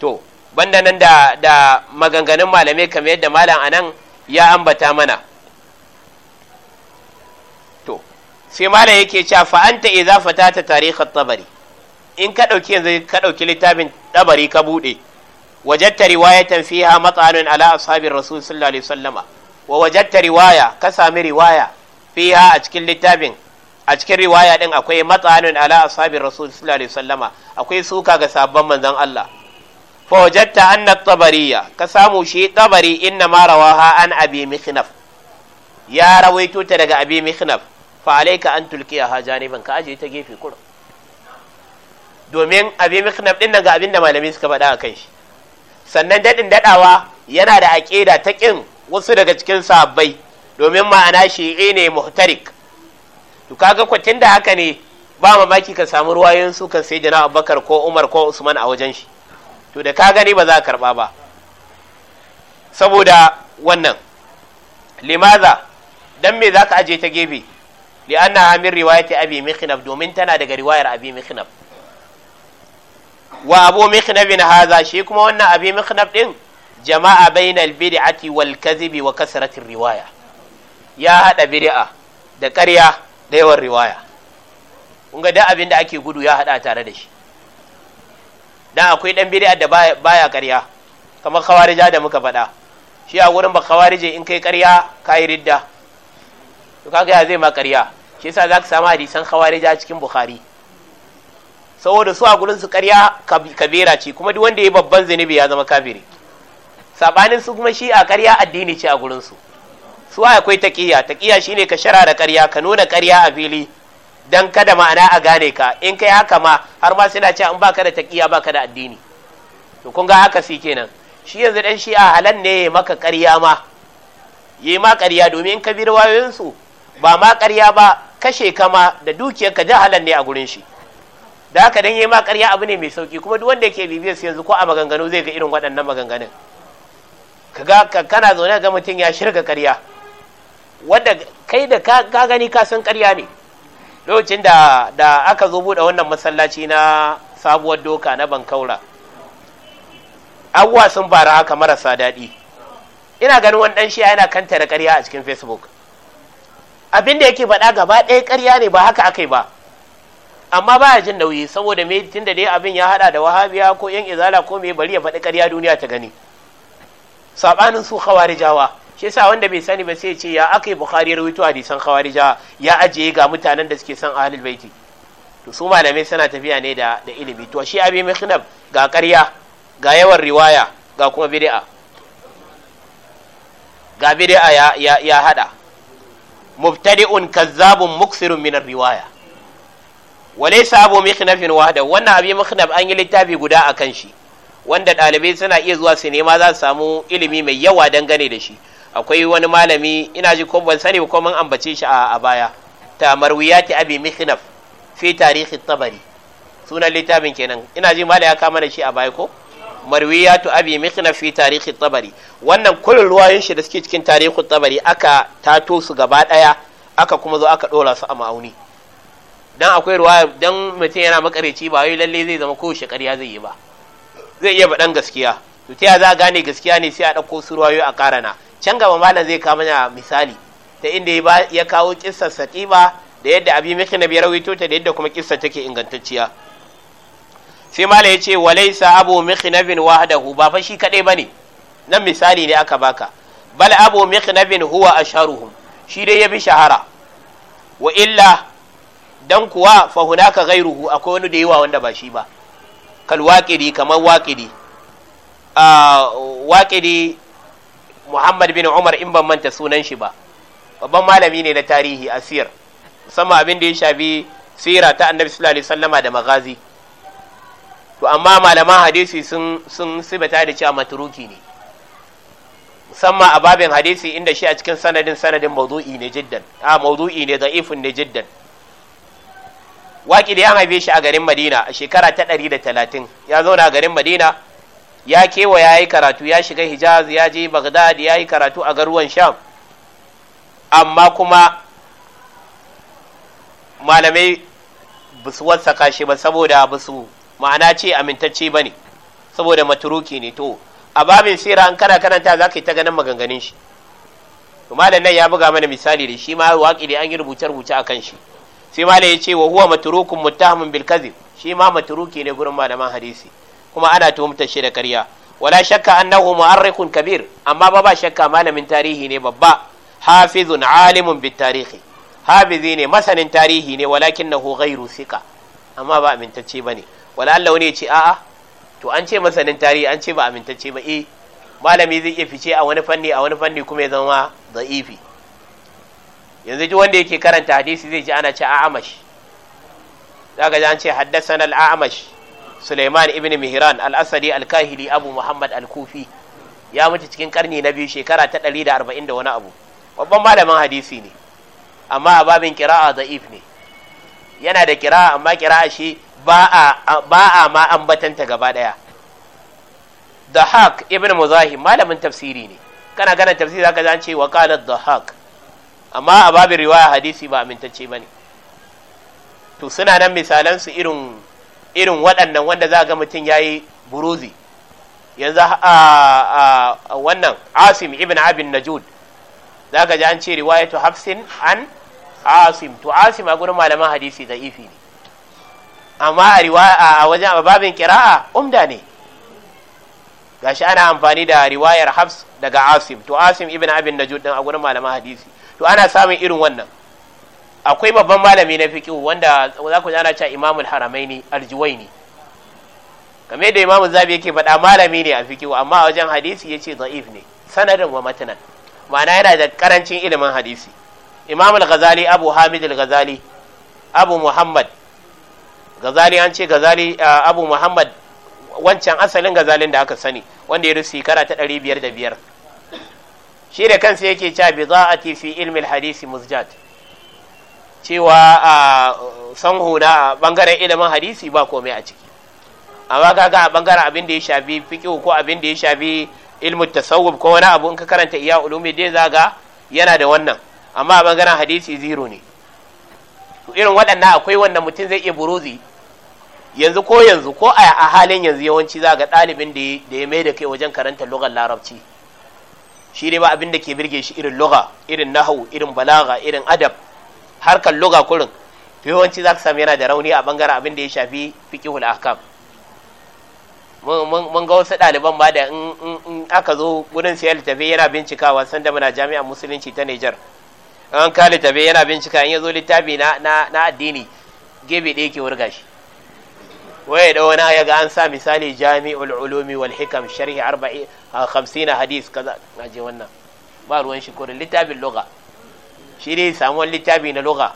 to banda nan da, da maganganun malamai kamar yadda malam anan ya ambata mana to sai malam yake cewa fa'anta idza fatata tarikh at-tabari in ka ɗauki yanzu ka ɗauki littafin tabari ka buɗe. wajatta riwayatan fiha matanun ala ashabir rasul wajatta riwaya ka sami riwaya fiha a cikin littafin a cikin riwaya din akwai matanun ala ashabir rasul akwai suka ga sabban manzon allah fa wajatta anna tabariya ka samu shi tabari inna ma rawaha an abi ya rawaito ta daga abi fa alayka an tulkiya ha janiban ka aje ta gefe kura domin abi mikhnaf din daga abinda malami suka faɗa a kanshi sannan daɗin daɗawa yana da aƙida ta ƙin wasu daga cikin sabbai domin ma'ana shi'i ne muhtarik to kaga kwatin da haka ne ba mamaki ka samu ruwayoyin su kan sai jana abubakar ko umar ko usman a wajen shi to da kaga gani ba za ka karɓa ba saboda wannan limaza dan me zaka ka aje ta gefe li'anna amir riwayati abi mikhnab domin tana daga riwayar abi mikhnab wa abu mikhnabin haza shi kuma wannan abi mikhnab din jama'a bainal bid'ati wal kadhibi wa kasratir riwaya ya hada bid'a da ƙarya da yawan riwaya kun ga da abin da ake gudu ya hada tare da shi dan akwai dan bid'a da baya ƙarya kamar khawarija da muka faɗa shi a wurin ba khawarije in kai ƙarya kai ridda to kaga ya zai ma ƙarya shi yasa zaka samu hadisan khawarija cikin bukhari saboda su a gurin su ƙarya kabera ce kuma duk wanda ya babban zunubi ya zama kafiri sabanin su kuma shi a ƙarya addini ce a gurin su su akwai taqiya taqiya shine ka shara da ƙarya ka nuna ƙarya a fili dan kada ma'ana a gane ka in kai haka ma har ma suna cewa in baka da taqiya baka da addini to kun ga haka si kenan shi yanzu dan shi a halan ne maka ƙarya ma yi ma ƙarya domin in ka bi wayoyinsu ba ma ƙarya ba kashe kama da dukiyarka jahalan ne a gurin shi da haka dan yayi ma ƙarya abu ne mai sauki kuma duk wanda yake bibiyar su yanzu ko a maganganu zai ga irin waɗannan maganganun kaga kana zaune ga mutum ya shirga ƙarya wanda kai da ka gani ka san ƙarya ne lokacin da da aka zo buɗe wannan masallaci na sabuwar doka na bankaura abuwa sun bara haka marasa daɗi ina ganin wani ɗan shiya yana kanta da ƙarya a cikin facebook abin da yake faɗa gaba ɗaya ƙarya ne ba haka aka ba amma baya jin nauyi saboda me da dai abin ya haɗa da wahabiya ko yan izala ko mai bari ya faɗi ƙarya duniya ta gani sabanin su khawarijawa shi yasa wanda bai sani ba sai ce ya akai bukhari rawaito hadisan khawarijawa ya ajiye ga mutanen da suke son ahlul baiti to su malamai suna tafiya ne da da ilimi to shi abi mikhnab ga ƙarya ga yawan riwaya ga kuma bid'a ga bid'a ya ya, hada mubtadi'un kazzabun muksirun minar riwaya sabo abu khinafin wahda wannan abin khinaf an yi littafi guda a kan shi wanda ɗalibai suna iya zuwa su nema za su samu ilimi mai yawa dangane da shi akwai wani malami ina ji ko ban sani ko mun ambace shi a baya ta marwiyati abi mikhnaf fi tarihi tabari sunan littafin kenan ina ji mala ya kama da shi a baya ko marwiyatu abi mikhnaf fi tarihi tabari wannan kullun ruwayoyin shi da suke cikin tarihi tabari aka tato su gaba daya aka kuma zo aka dora su a ma'auni dan akwai ruwaya dan mutum yana makareci ba wai lalle zai zama kowace ƙarya zai yi ba zai iya faɗan gaskiya to ta za gane gaskiya ne sai a ɗauko su ruwayo a karana can gaba malam zai kawo mana misali ta inda ya kawo kissar saƙiba da yadda abi miki na biyar rawaito ta da yadda kuma kissa take ingantacciya sai malam ya ce walaisa abu mikhnabin wahdahu ba fa shi kadai bane nan misali ne aka baka bal abu mikhnabin huwa asharuhum shi dai ya bi shahara wa illa dan kuwa fa hunaka ruhu, akwai wani da yawa wanda ba shi ba kal waqidi kamar waqidi a waqidi Muhammad bin Umar in ban manta sunan shi ba babban malami ne na tarihi asir musamman abin da ya shafi sira ta annabi sallallahu alaihi wasallama da magazi to amma malaman hadisi sun sun sibata da cewa matruki ne musamman a babin hadisi inda shi a cikin sanadin sanadin mawdu'i ne jiddan a mawdu'i ne da'ifun ne jiddan da ya haife shi a garin madina a shekara ta ɗari da talatin ya zauna a garin madina ya kewa ya yi karatu ya shiga hijaz ya je bagdad ya yi karatu a garuwan sham amma kuma malamai ba su wasaka shi ba saboda ba su ma'ana ce amintacce ba ne saboda maturuki ne to a babin sira an kana karanta za ka yi ta ganin maganganun shi malam nan ya buga mana misali da shi ma waƙi da an yi rubuce-rubuce a kan shi sai malai ce wa huwa maturukun muttahamun bil kadhib shi ma maturuki ne gurin malaman hadisi kuma ana tuhumta shi da karya wala shakka annahu mu'arrikun kabir amma ba ba shakka malamin tarihi ne babba hafizun alimun bit tarihi hafizi ne masanin tarihi ne walakinnahu ghairu thiqa amma ba amintacce bane wala Allah ya ce a'a to an ce masanin tarihi an ce ba amintacce ba eh malami zai iya fice a wani fanni a wani fanni kuma ya zama da'ifi yanzu ji wanda yake karanta hadisi zai ji ana ce a'amash zaka ji an ce haddasan al'amash aamash Sulaiman ibn Mihran al-Asadi al-Kahili Abu Muhammad al-Kufi ya mutu cikin karni na biyu shekara ta ɗari da wani abu babban malamin hadisi ne amma a babin kira'a da ne yana da kira'a amma kira'a shi ba a ma ambatanta gaba daya haq ibn Muzahim malamin tafsiri ne kana gana tafsiri zaka ji an ce wa da haq amma a babu riwaya hadisi ba amintacce ba ne to suna nan misalansu irin irin waɗannan wanda za ga mutum ya yi buruzi yanzu a wannan asim ibn abin najud za ka ji an ce riwaya to hafsin an asim to asim a gurin malaman hadisi da ifi ne amma a wajen babin kira'a umda ne gashi ana amfani da riwayar hafs daga asim to asim ibn abin najud din a gurin malaman hadisi to ana samun irin wannan akwai babban malami na fiƙi wanda za ku ana cewa imamul Haramai haramaini ne Kame da imamu zabi yake faɗa malami ne a fiƙi amma a wajen hadisi ya ce za'if ne sanarin wa matanan ma'ana yana da karancin ilimin hadisi imamul ghazali abu hamid al abu muhammad gazali an ce ghazali uh, abu muhammad wancan asalin gazalin da aka sani wanda ya rusi kara ta ɗari biyar da biyar. shi da kansa yake cewa bi za a fi ilmi hadisi muzjat cewa a sanho na bangaren ilimin hadisi ba komai a ciki amma kaga a bangaren abin da ya shafi fiqh ko abin da ya shafi ilmin tasawuf ko wani abu in ka karanta iya ulumi dai zaga yana da wannan amma a bangaren hadisi zero ne irin waɗannan akwai wanda mutum zai iya buruzi yanzu ko yanzu ko a halin yanzu yawanci za ga ɗalibin da ya mai da kai wajen karanta lugar larabci shi dai ba abin da ke birge shi irin lugha irin nahau irin balaga irin adab harkar lugha kurin to yawanci za ka samu yana da rauni a bangaren abin da ya shafi fiqhul ahkam mun ga wasu ɗaliban ba da in aka zo gudun siya littafi yana bincikawa san da muna jami'an musulunci ta Nijar an ka littafi yana bincika in ya zo littafi na addini gebe ɗaya ke wurga shi waye da wani ya ga an sa misali jami'ul ulumi wal hikam sharhi 40 50 hadis kaza naje wannan ba ruwan shi kurin littafin lugha shi ne samu wani littafi na lugha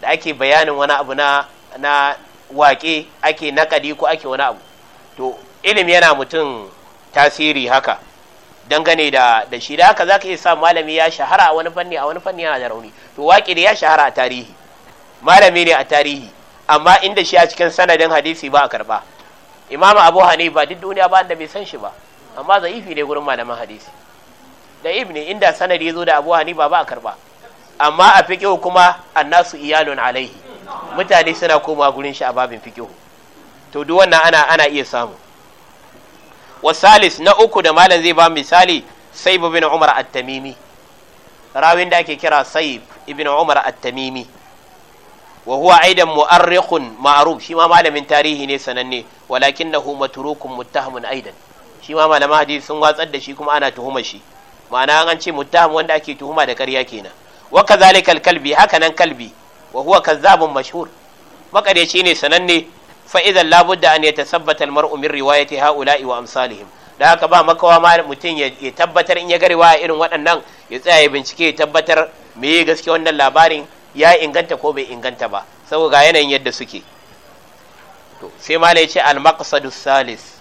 da ake bayanin wani abu na na waƙe ake nakadi ko ake wani abu to ilimi yana mutum tasiri haka dangane da da shi da haka zaka iya sa malami ya shahara a wani fanni a wani fanni yana da rauni to waƙe da ya shahara a tarihi malami ne a tarihi amma inda shi a cikin sanadin hadisi ba a karba imamu abu hanifa duk duniya ba da bai san shi ba amma za'ifi ne gurin malaman hadisi da ibni inda sanadi ya zo da abu hanifa ba a karba amma a fiqihu kuma annasu iyalun alaihi mutane suna koma gurin shi a babin fiqihu to duk wannan ana ana iya samu wasalis na uku da malam zai ba misali saib ibn umar at-tamimi rawin da ake kira saib ibn umar at-tamimi wa huwa aidan mu'arrikhun ma'ruf shi ma malamin tarihi ne sananne walakinahu matrukun muttahamun aidan shi ma malama hadisi sun watsar da shi kuma ana tuhumar shi ma'ana an ce muttaham wanda ake tuhuma da ƙarya kenan wa kadhalikal kalbi haka nan kalbi wa huwa kazzabun mashhur makareci ne sananne fa idan labudda an yatasabbata almar'u min riwayati haula'i wa amsalihim da haka ba makawa ma mutum ya tabbatar in ya ga riwaya irin waɗannan ya tsaya ya bincike ya tabbatar me gaske wannan labarin ya inganta ko bai inganta ba saboda yanayin yadda suke to sai ma ya ce al-maqsadu salis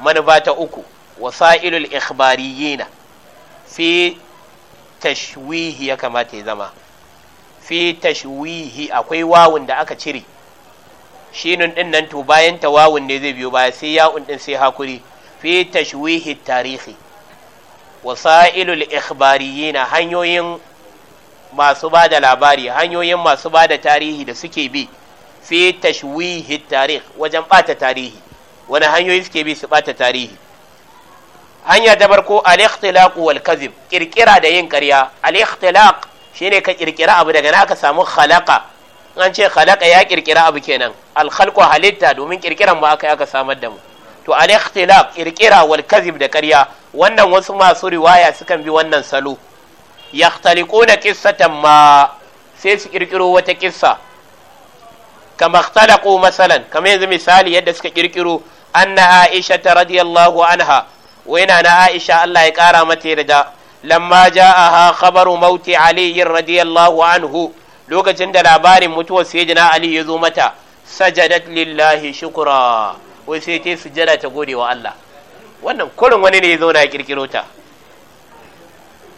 manufa ta uku wasailul ikhbariyina fi tashwihi ya kamata ya zama fi tashwihi akwai wawun da aka cire shinun din nan to bayan ta wawun ne zai biyo baya sai ya din sai hakuri fi tashwihi tarihi wasailul ikhbariyina hanyoyin masu ba da labari hanyoyin masu ba da tarihi da suke bi fi tashwihi tarih wajen bata tarihi wani hanyoyi suke bi su bata tarihi hanya ta farko al-ikhtilaq wal kadhib kirkira da yin karya. al-ikhtilaq shine ka kirkira abu daga naka samu khalaqa an ce khalaqa ya kirkira abu kenan al-khalqu halitta domin kirkiran mu aka aka samar da mu to al-ikhtilaq kirkira wal kadhib da karya, wannan wasu masu riwaya sukan bi wannan salo yakhtalikuna qissatan ma sai su kirkiro wata kissa kama ikhtalaqu masalan kama yanzu misali yadda suka kirkiro anna aisha ta radiyallahu anha waina na aisha Allah ya kara mata yarda lamma ja'aha khabaru mauti ali radiyallahu anhu lokacin da labarin mutuwar sayyidina ali ya zo mata sajadat lillahi shukra wai sai ta sujada ta gode wa Allah wannan kurin wani ne ya zo na kirkiro ta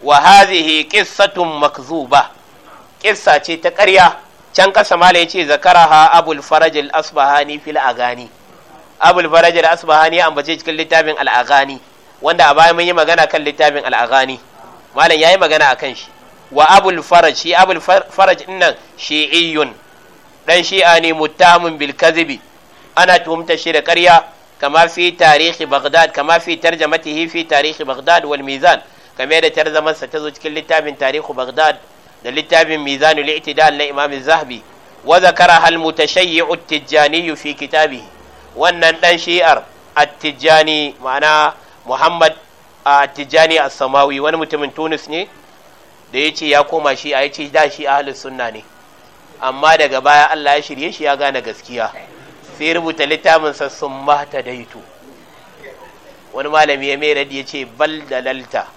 wa hadhihi qissatun makzuba qissa ce ta ƙarya can kasa mala yace zakaraha abul faraj al asbahani fil agani abul faraj al asbahani ambace cikin littafin al agani wanda a baya mun yi magana kan littafin al agani malam yayi magana akan shi wa abul faraj shi abul faraj dinnan shi'iyyun dan shi'a ne muttamun bil kadhibi ana tuhumta shi da ƙarya kama fi tarihi bagdad kama fi tarjamatihi fi tarihi bagdad wal mizan game da tar sa ta zo cikin littafin tarihu baghdad da littafin mizanul i'tidal na imam zahabi wa zakara hal mutashayyi'u at-tijani fi kitabihi wannan dan shi'ar at tijani ma'ana muhammad at tijani as-samawi wani mutumin tunis ne da yace ya koma shi a yace da shi ahlus sunna ne amma daga baya Allah ya shirye shi ya gane gaskiya sai rubuta littafin sa sun mata wani malami ya mai radi ya ce bal dalalta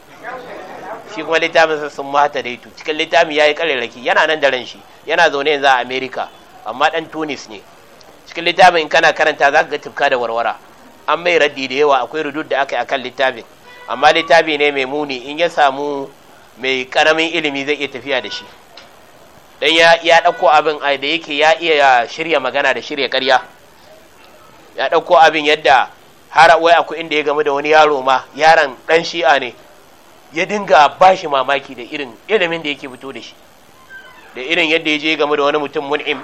shi kuma sa sun mata daitu cikin littafin ya yi kararraki yana nan da ran shi yana zaune yanzu a Amerika, amma ɗan tunis ne cikin littafin in kana karanta za ka ga tufka da warwara an mai raddi da yawa akwai rudud da aka yi akan littafin amma littafi ne mai muni in ya samu mai karamin ilimi zai iya tafiya da shi dan ya ya dauko abin da yake ya iya shirya magana da shirya karya. ya dauko abin yadda har wai akwai inda ya gamu da wani yaro ma yaron dan shi'a ne ya dinga ba shi mamaki da irin ilimin da yake fito da shi da irin yadda ya je game da wani mutum mun'im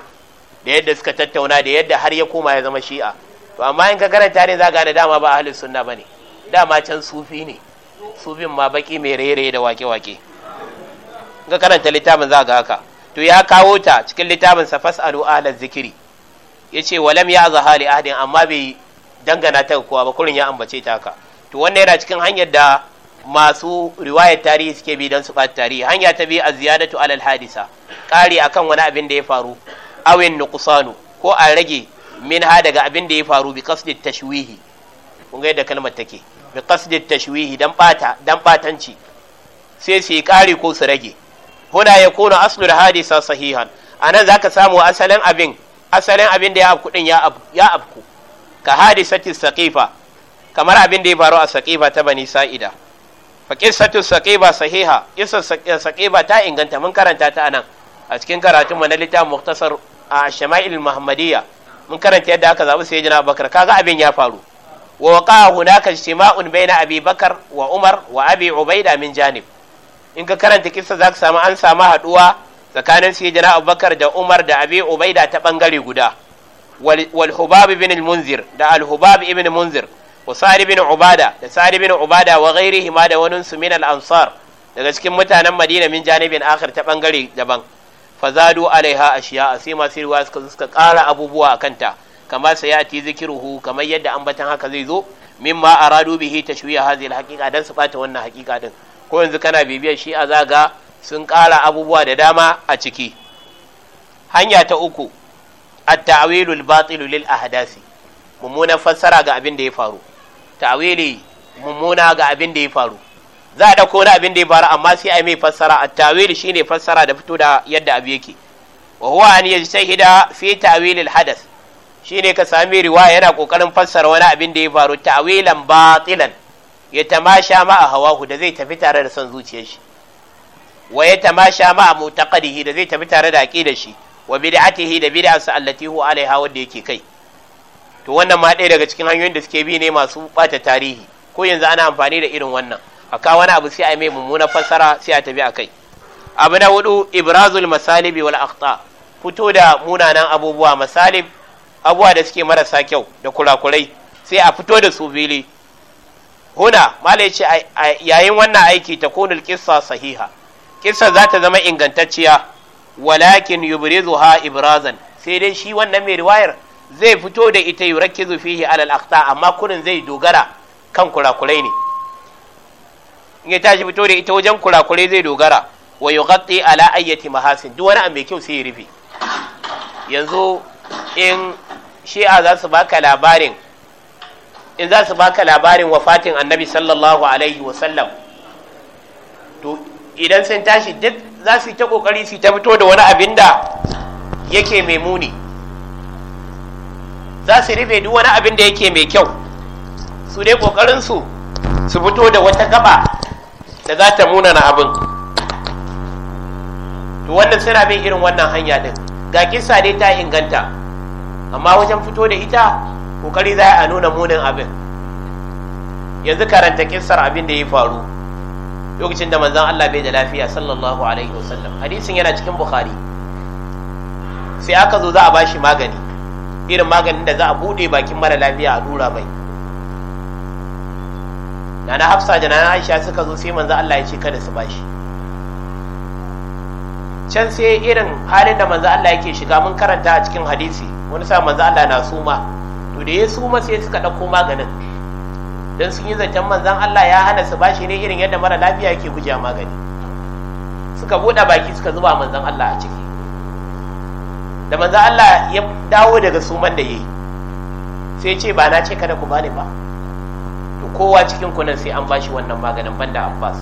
da yadda suka tattauna da yadda har ya koma ya zama shi'a to amma in ka karanta ne za gane dama ba ahlus sunna bane dama can sufi ne sufin ma baki mai raye-raye da wake-wake ka karanta littafin za ga haka to ya kawo ta cikin littafin sa fasalu ahlaz zikiri yace walam ya zahali ahdin amma bai dangana ta kowa ba kurin ya ambace ta haka to wannan yana cikin hanyar da masu riwayar tarihi suke bi don su ɓata tarihi hanya ta biyu a ziyadatu alal hadisa ƙari akan wani abin da ya faru awin nuqsanu ko a rage ha daga abin da ya faru bi kasdid tashwihi kun ga yadda kalmar take bi kasdid tashwihi dan bata dan batanci sai su yi ƙari ko su rage huna ya kuna aslul hadisa sahihan anan zaka samu asalin abin asalin abin da ya afku din ya afku ka hadisati saqifa kamar abin da ya faru a saqifa ta bani sa'ida fa saƙiba sahiha qissar saƙiba eh, ta inganta mun karanta ta nan a cikin karatun mu na littafin muktasar a shama'il muhammadiyya mun karanta yadda aka zabi jina bakar kaga abin ya faru wa waqa hunaka ijtima'un baina abi bakar wa umar wa abi ubaida min janib in ka karanta kissa zaka samu an samu haduwa tsakanin sayyidina abubakar da umar da abi ubaida ta bangare guda wal hubab ibn al munzir da al hubab ibn munzir wa sa'id bin ubada da sa'id bin ubada wa ghairihi da wani su al-ansar daga cikin mutanen madina min janibin akhir ta bangare daban fazadu alaiha ashiya sai masu ruwa suka suka kara abubuwa a kanta kama sai ya ti zikiruhu kamar yadda ambatan haka zai zo mimma aradu bihi tashwiya hadhihi da haƙiƙa dan su bata wannan haqiqa din ko yanzu kana bibiyar shi a zaga sun kara abubuwa da dama a ciki hanya ta uku at-ta'wilul batil lil ahdasi mummunan fassara ga abin da ya faru tawili mummuna ga abin da ya faru za a ɗauko na abin da ya faru amma sai a mai fassara a tawili shine fassara da fito da yadda abu yake wa huwa an yajtahida fi tawili alhadas shine ka sami riwaya yana kokarin fassara wani abin da ya faru tawilan batilan ya tamasha ma a hawahu da zai tafi tare da son zuciyar shi wa ya tamasha ma a mutaqadihi da zai tafi tare da aqidar shi wa bid'atihi da bid'arsa allati huwa alaiha wanda yake kai to wannan ma ɗaya daga cikin hanyoyin da suke bi ne masu ɓata tarihi ko yanzu ana amfani da irin wannan a kawo wani abu sai a mai mummunan fassara sai a tafi a kai abu na hudu ibrazul masalibi wal akhta fito da munanan abubuwa masalib abubuwa da suke marasa kyau da kurakurai sai a fito da su fili huna malai ce yayin wannan aiki ta kunul kissa sahiha kissa za ta zama ingantacciya walakin yubrizuha ibrazan sai dai shi wannan mai riwayar zai fito da ita yurakkizu fihi alal akhta amma kurin zai dogara kan kurakurai ne in ya tashi fito da ita wajen kurakurai zai dogara wa yughatti ala ayyati mahasin duk wani abu mai kyau sai ya rufe yanzu in shi'a za su baka labarin in za su baka labarin wafatin annabi sallallahu alaihi wasallam to idan sun tashi duk za su yi ta kokari su ta fito da wani abin da yake mai muni za su rufe duk wani abin da yake mai kyau su dai kokarin su su fito da wata gaba da za ta munana abin to wannan suna bin irin wannan hanya din ga Kisa dai ta inganta amma wajen fito da ita kokari za a nuna munin abin yanzu karanta kissar abin da ya faru lokacin da manzon Allah bai da lafiya sallallahu alaihi wasallam hadisin yana cikin bukhari sai aka zo za a bashi magani irin maganin da za a buɗe bakin mara lafiya a dura mai nana hafsa da nana aisha suka zo sai manzo Allah ya ce kada su bashi can sai irin halin da manzo Allah yake shiga mun karanta a cikin hadisi wani sa manzo Allah na suma to da ya suma sai suka ɗauko maganin dan sun yi zancen manzan Allah ya hana su bashi ne irin yadda mara lafiya yake guje magani suka buɗe baki suka zuba manzan Allah a ciki da manzo Allah ya dawo daga suman da yayi sai ce ba na ce kada ku bani ba to kowa cikin ku nan sai an bashi wannan maganin banda Abbas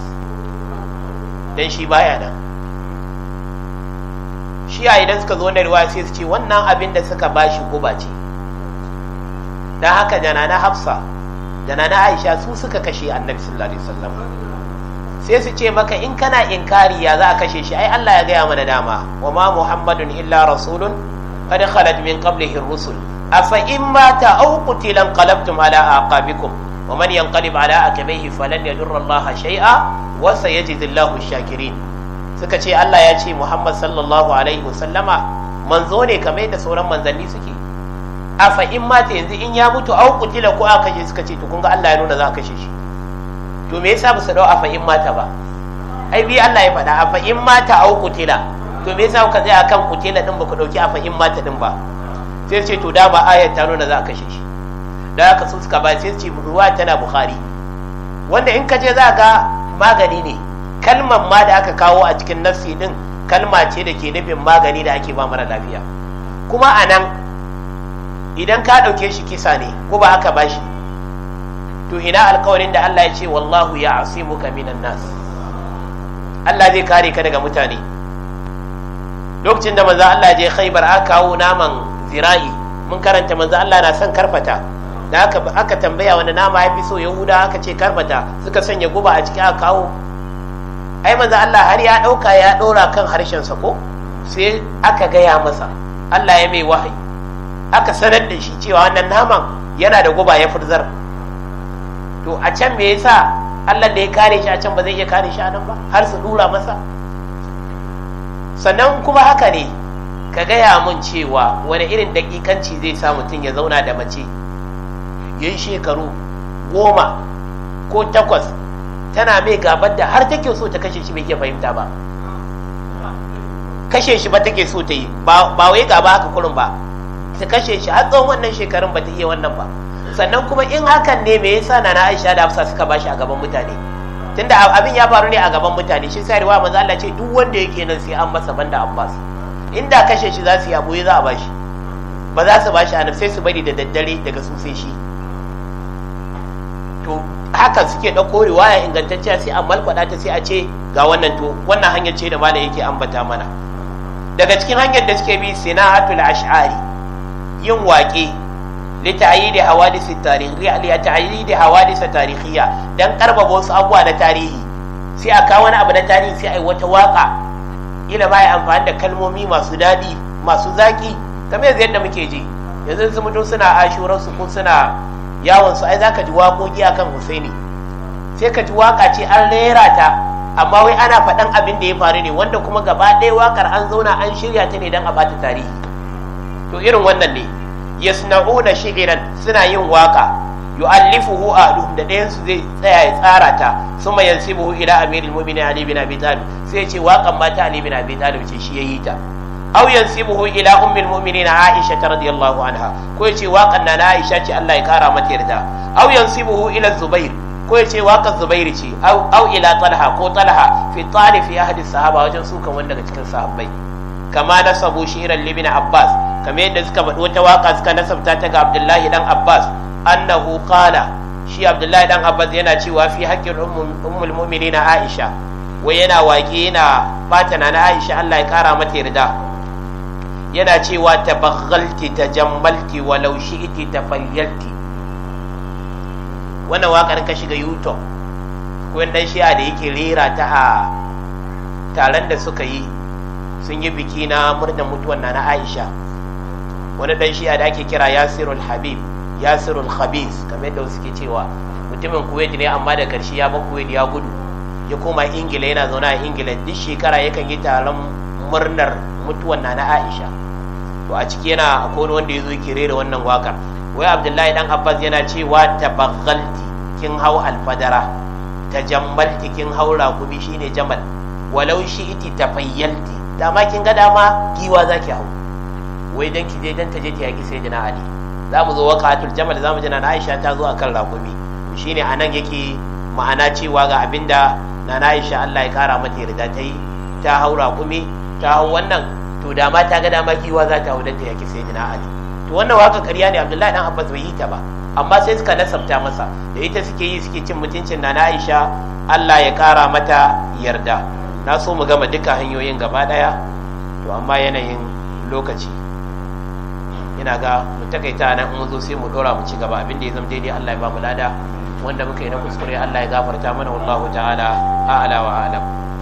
dan shi baya nan shi a idan suka zo wannan riwaya sai su ce wannan abin da suka bashi ko ba ce dan haka janana Hafsa janana Aisha su suka kashe Annabi sallallahu alaihi wasallam sai su ce maka in kana inkari ya za a kashe shi ai Allah ya gaya mana dama wa ma muhammadun illa rasulun qad khalat min qablihi rusul afa in mata aw qutilan qalabtum ala aqabikum wa man yanqalib ala aqibihi falan yadurra Allah shay'a wa sayajidu Allahu shakirin suka ce Allah ya ce Muhammad sallallahu alaihi wasallama manzo ne kamar da sauran manzanni suke afa in mata yanzu in ya mutu aw qutila ko aka kashe suka ce to kun ga Allah ya nuna za a kashe shi to me yasa basu dau afa in mata ba ai bi Allah ya faɗa afa in mata au kutila to me yasa kuka zai akan kutila din ba dauki afa in mata din ba sai ce to dama ayat ta nuna za ka shi da haka sun suka ba sai ce ruwa tana bukhari wanda in ka je za ka magani ne kalmar ma da aka kawo a cikin nafsi din kalma ce da ke nufin magani da ake ba mara lafiya kuma a nan idan ka ɗauke shi kisa ne ko ba aka ba shi to ina alkawarin da Allah ya ce wallahu ya ka minan nas Allah zai kare ka daga mutane lokacin da manzo Allah je Khaibar aka kawo naman zira'i mun karanta manzo Allah na son karfata da aka aka tambaya wanda nama ya fi so Yahuda aka ce karfata suka sanya guba a ciki aka kawo ai manzo Allah har ya dauka ya dora kan harshen sa ko sai aka gaya masa Allah ya mai wahayi aka sanar da shi cewa wannan naman yana da guba ya furzar to a can me yasa Allah da ya kare shi a can ba zai iya kare shi a nan ba har su dura masa sannan kuma haka ne ka gaya mun cewa wani irin dakikanci zai sa mutum ya zauna da mace yin shekaru goma ko takwas tana mai gabar da har take so ta kashe shi bai ke fahimta ba kashe shi ba take so ta yi ba wai gaba haka kurin ba ta kashe shi har tsawon wannan shekarun ba ta iya wannan ba sannan kuma in hakan ne me yasa na Aisha da Hafsa suka bashi a gaban mutane tunda abin ya faru ne a gaban mutane shi sai riwaya manzo Allah ce duk wanda yake nan sai an masa banda Abbas inda kashe shi za su yi aboye za a bashi ba za su bashi a sai su bari da daddare daga su sai shi to hakan suke ɗauko ya ingantacciya sai an malkwada ta sai a ce ga wannan to wannan hanyar ce da mala yake ambata mana daga cikin hanyar da suke bi sinahatul ash'ari yin waƙe لتعييد حوادث التاريخ لتعييد حوادث تاريخية دان قرب بوس أبوا tarihi, sai a kawo wani abu na tarihi sai a yi wata waka ila ba amfani da kalmomi masu daɗi masu zaki, kamar yanzu yadda muke ji yanzu su mutum suna ashuran su ko suna yawon su ai za ka ji waƙoƙi akan Husaini sai ka ji waka ce an rera ta amma wai ana faɗan abin da ya faru ne wanda kuma gaba ɗaya wakar an zauna an shirya ta ne don a bata tarihi to irin wannan ne yasna'una shi'ran suna yin waka yu'allifuhu ahluhum da ɗayan su zai tsaya ya tsara ta summa yansibuhu ila amiril mu'minin ali bin abi talib sai ya ce waƙan ma ta ali bin abi talib ce shi yayi ta aw yansibuhu ila ummil mu'minin aisha radiyallahu anha ko ya ce waƙan na aisha ce Allah ya kara mata yarda aw yansibuhu ila zubair ko ya ce waƙar zubairu ce au ila talha ko talha fi tarifi ahli sahaba wajen su kan wani daga cikin sahabbai kama na sabo shi'irar libina abbas kamar yadda suka faɗi wata waka suka nasabta ta ga abdullahi dan abbas annahu qala shi abdullahi dan abbas yana cewa fi haƙƙin ummul mu'minina aisha wai yana waƙe yana bata na aisha Allah ya kara mata yarda yana cewa tabaghalti tajammalti walau shi'ti tafayyalti wannan waƙar ka shiga youtube ko dan shi'a da yake rera ta a taron da suka yi sun yi biki na murnar mutuwan na aisha wani dan shi'a da ake kira yasirul habib yasirul khabis kamar yadda suke cewa mutumin kuwait ne amma da karshe ya ba kuwait ya gudu ya koma ingila yana zaune a ingila duk shekara yakan yi taron murnar mutuwan na aisha to a ciki yana akwai wanda ya zo kire da wannan wakar wai abdullahi dan abbas yana cewa tabaghalti kin hau alfadara tajammalti kin hau rakumi shine jamal walau shi iti tafayyalti dama kin ga dama giwa zaki hau wai dan ki je dan ta je ta yaki sai jina ali za mu zo waqatul jamal za mu jina na aisha ta zo akan rakumi shine anan yake ma'ana cewa ga abinda na aisha Allah ya kara mata yarda ta yi ta hau rakumi ta hau wannan to da ma ta ga dama kiwa za ta hau ta yaki sai jina ali to wannan waka ƙarya ne Abdullahi dan Abbas bai yi ta ba amma sai suka nasabta masa da ita suke yi suke cin mutuncin na Aisha Allah ya kara mata yarda na so mu gama duka hanyoyin gaba daya to amma yanayin lokaci ina ga mu takaita nan in zo sai mu dora mu ci gaba abin da ya zama daidai Allah ya ba mu lada wanda muka yi na kuskure Allah ya gafarta mana wallahu ta'ala a'ala wa a'lam